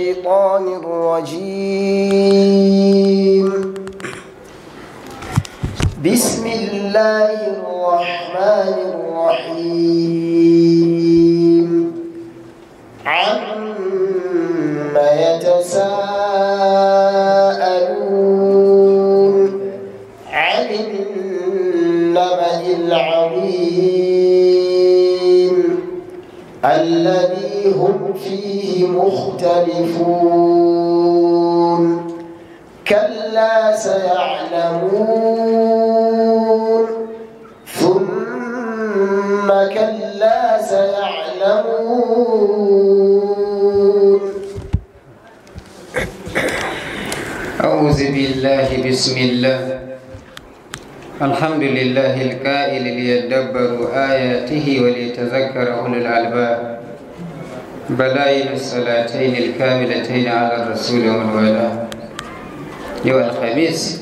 الشيطان الرجيم بسم الله الرحمن الرحيم الذي هم فيه مختلفون كلا سيعلمون ثم كلا سيعلمون أعوذ بالله بسم الله الحمد لله الكائل ليدبروا آياته وليتذكر أولو الألباب بلاين الصلاتين الكاملتين على الرسول والولاء يوم الخميس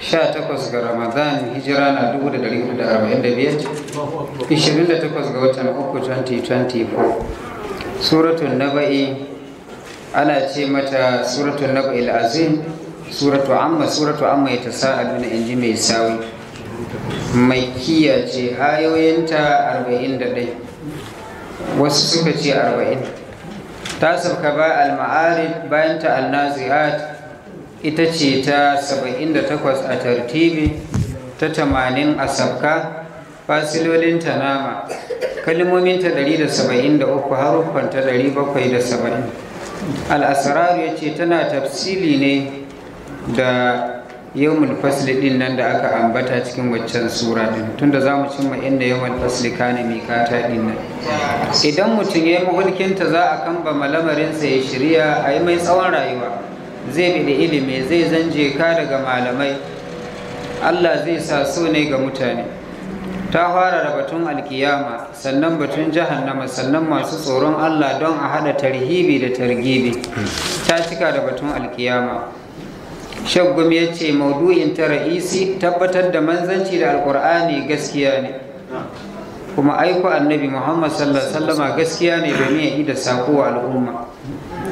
sha takwas ga ramadan hijira na dubu da dari da arba'in da biyar ishirin da takwas ga watan uku 2024 suratun naba'i ana ce mata suratun naba'i al'azim suratu amma suratu amma ya tasa'aluna in ji mai sawi mai kiyace ayoyinta arba'in da ɗai wasu suka ce arba'in ta sauka ba al-ma'arif bayan ta al-nazi'at ita ce ta saba'in da takwas a tartibi ta tamanin a sabka fasilolin ta nama kalmomin ta ɗari da saba'in da uku haruffan ta ɗari bakwai da saba'in al-asrar ya ce tana tafsili ne da yawmul fasli din nan da aka ambata cikin waccan sura din tunda za mu cimma inda yawmul fasli kana mikata din nan idan mutum ya yi mahulkinta za a kamba malamarinsa ya shirya a yi mai tsawon rayuwa zai bi da ilimi zai zanje ka daga malamai allah zai sa so ne ga mutane ta fara da batun alkiyama sannan batun jahannama sannan masu tsoron allah don a haɗa tarhibi da targibi ta cika da batun alkiyama shaggum ya ce maudu'in ta ra'isi tabbatar da manzanci da alkur'ani gaskiya ne kuma aiko annabi muhammad sallallahu sallama gaskiya ne domin ya da sako wa al'umma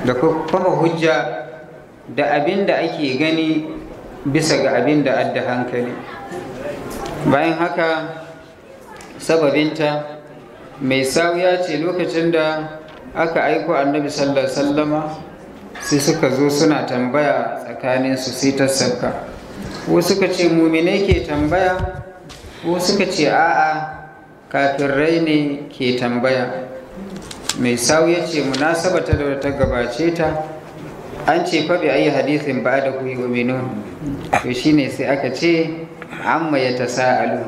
da kuma hujja da abin da ake gani bisa ga abin da adda hankali bayan haka sababinta mai ya ce lokacin da aka aiko annabi sallallahu sallama sai suka zo suna tambaya tsakanin su sai ta sauka wasu suka ce muminai ke tambaya wasu suka ce a'a kafirai ne ke tambaya mai sau ya ce ta da ta gabace ta an ce faɗi ayi hadisin ba da ku yuminun to shine sai aka ce amma ya ta sa'alu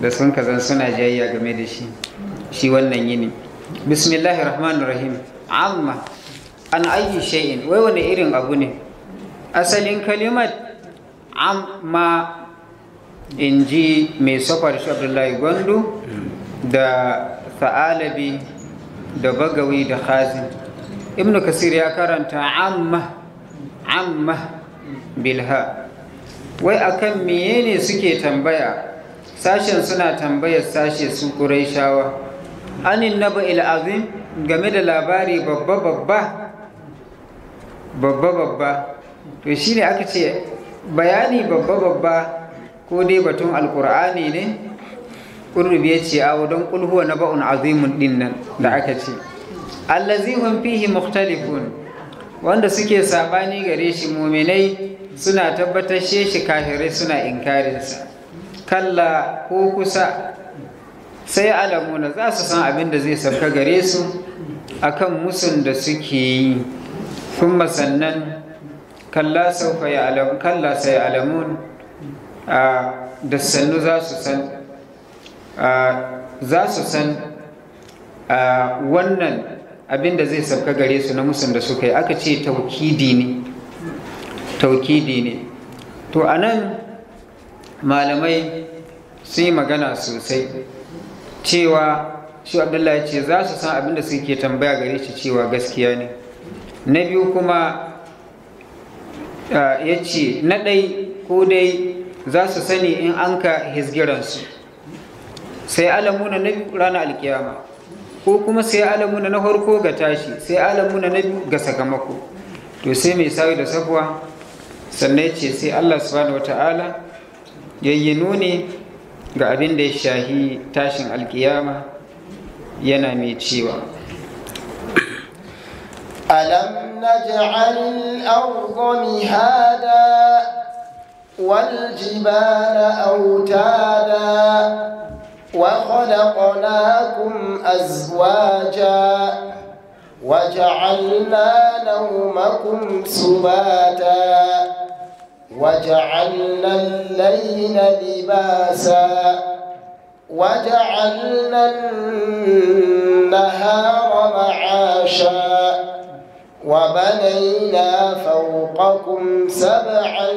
da sun zan suna jayayya game da shi shi wannan yini bismillahir rahmanir rahim amma an ayyi shay'in wai wani irin abu ne asalin kalimat amma in ji mai safar shabdullahi gwandu da fa'alabi da bagawi da khazin Ibn kasir ya karanta amma amma bilha wai akan ne suke tambaya sashen suna tambayar sashe su shawa. anin naba azim game da labari babba babba babba babba to shi ne aka ce bayani babba babba ko dai batun alkur'ani ne kurrubi ya ce awo don kulhuwa na ba'un azimun din nan da aka ce allazihun fihi muktalifun wanda suke sabani gare shi muminai suna tabbatar sheshi kafirai suna inkarinsa kalla ko kusa sai alamuna za su san abin da zai sauka gare su akan musun da suke yi kuma sannan kalla saufa ya kalla sai alamun da sannu za su san za su san wannan abin da zai sauka gare su na musun da suka yi aka ce taukidi ne taukidi ne to a nan malamai sun yi magana sosai cewa shi abdullahi ce za su san abin da suke tambaya gare shi cewa gaskiya ne na biyu kuma Ah, ya ce na ɗai ko dai za su sani in an ka hizgiransu sai alamuna na ranar alkiyama ko kuma sai alamuna na harko ga tashi sai alamuna na biyu ga sakamako to sai mai sawi da sabuwa sannan ce sai allah subhanahu wata'ala yi nuni ga abin da ya shahi tashin alkiyama yana mai cewa alam نجعل الأرض مهادا والجبال أوتادا وخلقناكم أزواجا وجعلنا نومكم سباتا وجعلنا الليل لباسا وجعلنا النهار معاشا وبنينا فوقكم سبعا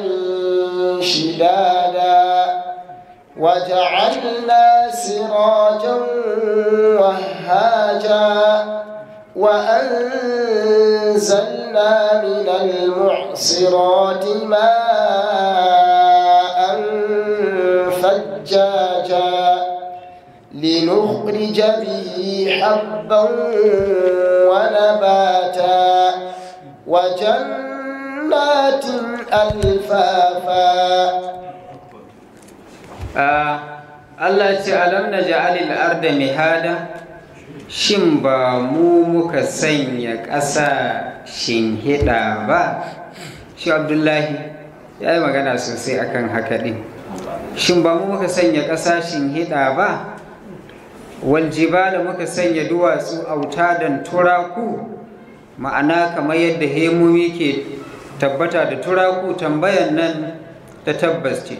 شدادا وجعلنا سراجا وهاجا وأنزلنا من المعصرات ماء فجاجا لنخرج به حبا ونباتا وجنات ألفافا Allah ce alam na ja'alil arda mihada shin ba mu muka sanya ƙasa shinhiɗa ba shi abdullahi ya yi magana sosai akan haka ɗin shin ba mu muka sanya ƙasa shinhiɗa ba da muka sanya duwatsu autadan turaku ma'ana kamar yadda hemomi ke tabbata da turaku tambayan nan ta tabbas ce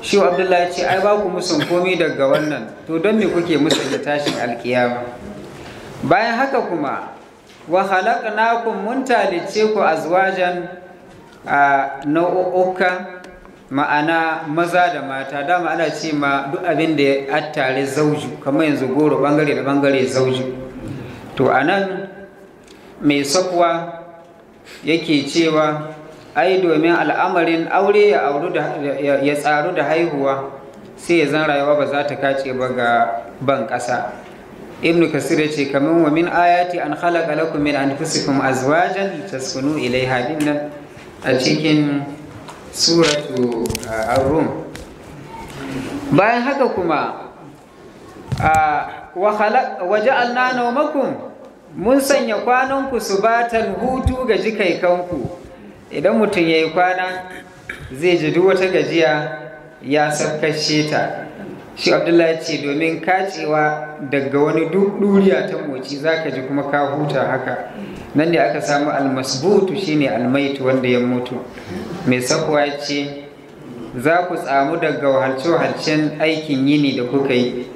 shi abdullahi ce ai ba ku musun komi daga wannan to don me kuke da tashin alkiyama bayan haka kuma wa khalaqnakum mun talice ku azwajan a nau'uka ma'ana maza da mata dama ana ce ma duk abin da ya attare zauju kamar yanzu goro bangare da bangare zauju to anan mai sakuwa yake cewa ai domin al'amarin aure ya tsaru da haihuwa sai ya zan rayuwa ba za ta kace ba ga ban ƙasa ibnu kasir ce kamar wa min ayati an khalaqa lakum min anfusikum azwajan litaskunu ilaiha nan.' a cikin suratu uh, ar-rum bayan haka kuma uh, waje ja'alna nawmakum mun sanya kwananku su batan hutu ga jikaikanku idan mutum ya yi kwana zai ji duk wata gajiya ya sarkashe ta shi abdullahi ce domin kacewa daga wani duk duriya ta moci za ka ji kuma ka huta haka nan da aka samu almasbutu shine almaitu wanda ya mutu mai sakuwa ce za ku tsamu daga wahalce-wahalcen aikin yini da kuka yi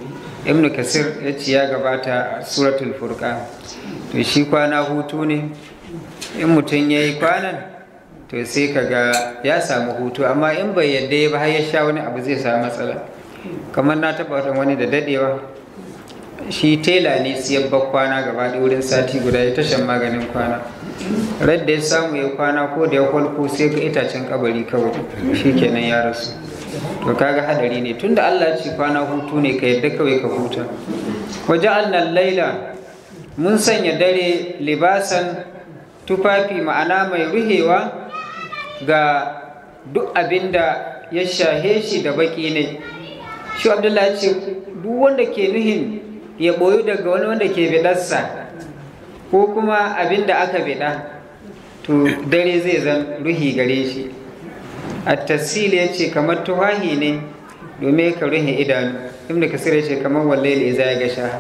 Ibn kasir ya ce ya gabata a suratul furqa to shi kwana hutu ne in mutum ya yi kwanan to sai ka ga ya samu hutu amma in bai yadda ya ba har ya sha wani abu zai samu matsala kamar na taɓa watan wani da dadewa shi tela ne siyan bakwana gaba da wurin sati guda ya tashan maganin kwana radda ya samu ya kwana ko da ya kwalko sai ga itacen kabari kawai shi kenan ya rasu to kaga hadari ne tunda Allah ce kwana hutu ne ka yadda kawai ka huta waja'alna laila mun sanya dare libasan tufafi ma'ana mai ruhewa ga duk abinda ya shahe shi da baki ne shi Abdullahi ce duk wanda ke nuhin ya boyu daga wani wanda ke bidarsa ko kuma abinda aka bida to dare zai zan ruhi gare shi at-tasil yace kamar tuhahi ne domin ka rufe idanu ibnu kasir ce kamar wallail idza ya gasha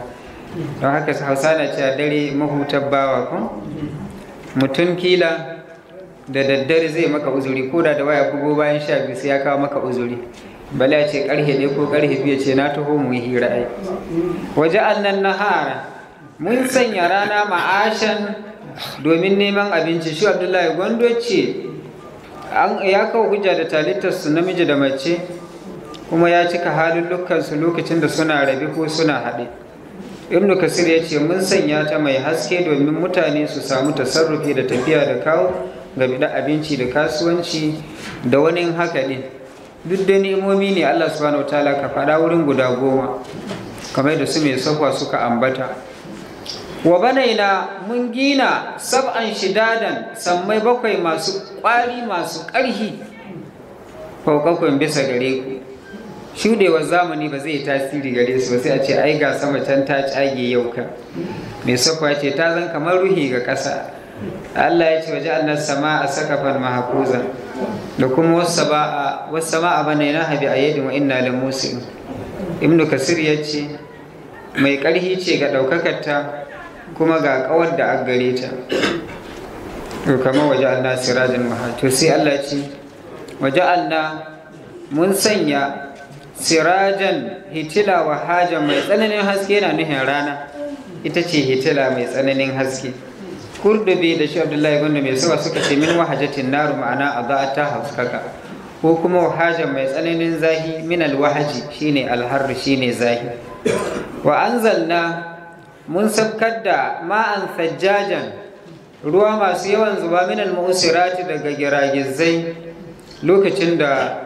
don haka hausa na a dare mahutar bawa ko mutum kila da daddare zai maka uzuri ko da da waya bugo bayan sha biyu su ya kawo maka uzuri bala ce karhe ne ko karhe biyu ce na taho mu hira ai waje annan mun sanya rana ma'ashan domin neman abinci shi abdullahi gwando ce ya kawo hujja da talitarsu namiji da mace kuma ya cika halin lukansu lokacin da suna rabi ko suna haɗe ibn kasir ya ce mun sanya ta mai haske domin mutane su samu tasarrufi da tafiya da kawo ga bida abinci da kasuwanci da wani haka ne duk da ni'imomi ne allah subhanahu wa ta'ala ka faɗa wurin guda goma kamar da su mai sakwa suka ambata wa banaina mun gina sab'an shidadan sammai bakwai masu ƙwari masu ƙarhi faukakon bisa gare ku shudewa zamani ba zai tasiri gare su ba sai a ce ai ga sama can ta cage yau ka mai safa ce ta zan kamar ruhi ga ƙasa Allah ya ce waje annan sama a sakafan mahakuza da kuma wasu sama'a bane na habi a yadin wa inna da musu ibnu kasir ya ce mai ƙarhi ce ga ta. kuma ga kawar da a gare ta to kama waje Allah sirajin to sai Allah ce waje Allah mun sanya sirajan hitila wa haja mai tsananin haske na nuhin rana ita ce hitila mai tsananin haske kurdubi da shi abdullahi gundu mai suwa suka ce min wahajatin naru ma'ana a za ta haskaka ko kuma wahaja mai tsananin zahi min alwahaji shine alharu shine zahi wa anzalna mun sabkar da ma'an fajjajan ruwa masu yawan zuba minan ma'usirati daga giragizai lokacin da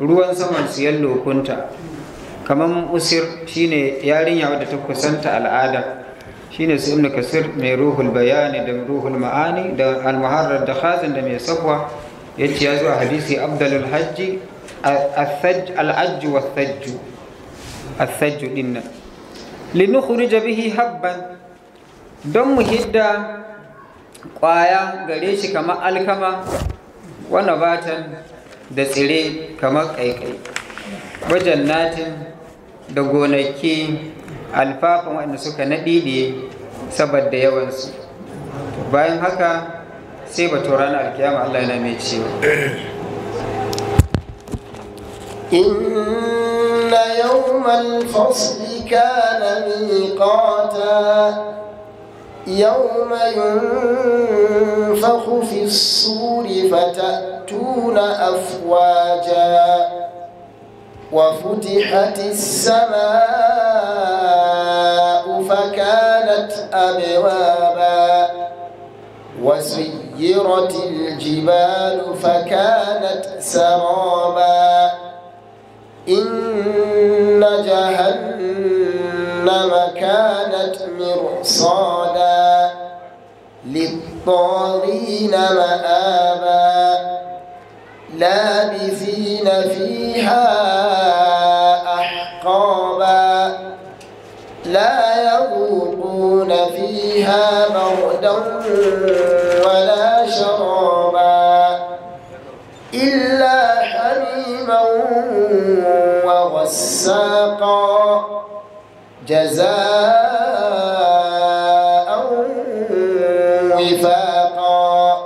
ruwan saman su yan lokunta kamar usir shine yarinya wadda ta kusanta al'ada shine su ibn kasir mai ruhul bayani da ruhul ma'ani da almuharrar da khazin da mai safwa ya ce ya zuwa hadisi abdalul hajji al wa sajju al-sajju dinnan linukhrij bihi habban don mu hidda ƙwaya gare shi kamar alkama wani batan da tsire kamar ƙaiƙai wajen natin da gonaki alfafan wanda suka naɗi ne saboda yawansu bayan haka sai batu ranar alkiyama Allah yana mai cewa يوم الفصل كان ميقاتا يوم ينفخ في الصور فتأتون أفواجا وفتحت السماء فكانت أبوابا وسيرت الجبال فكانت سرابا إن جهنم كانت مرصادا للطاغين مآبا لابثين فيها أحقابا لا يذوقون فيها بردا ولا شرابا والساق جزاء وفاقا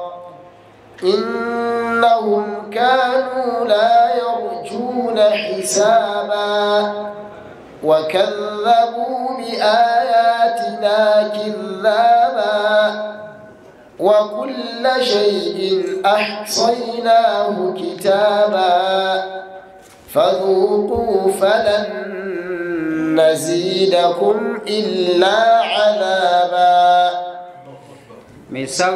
إنهم كانوا لا يرجون حسابا وكذبوا بآياتنا كذابا وكل شيء أحصيناه كتابا فذوقوا فلن نزيدكم إلا عذابا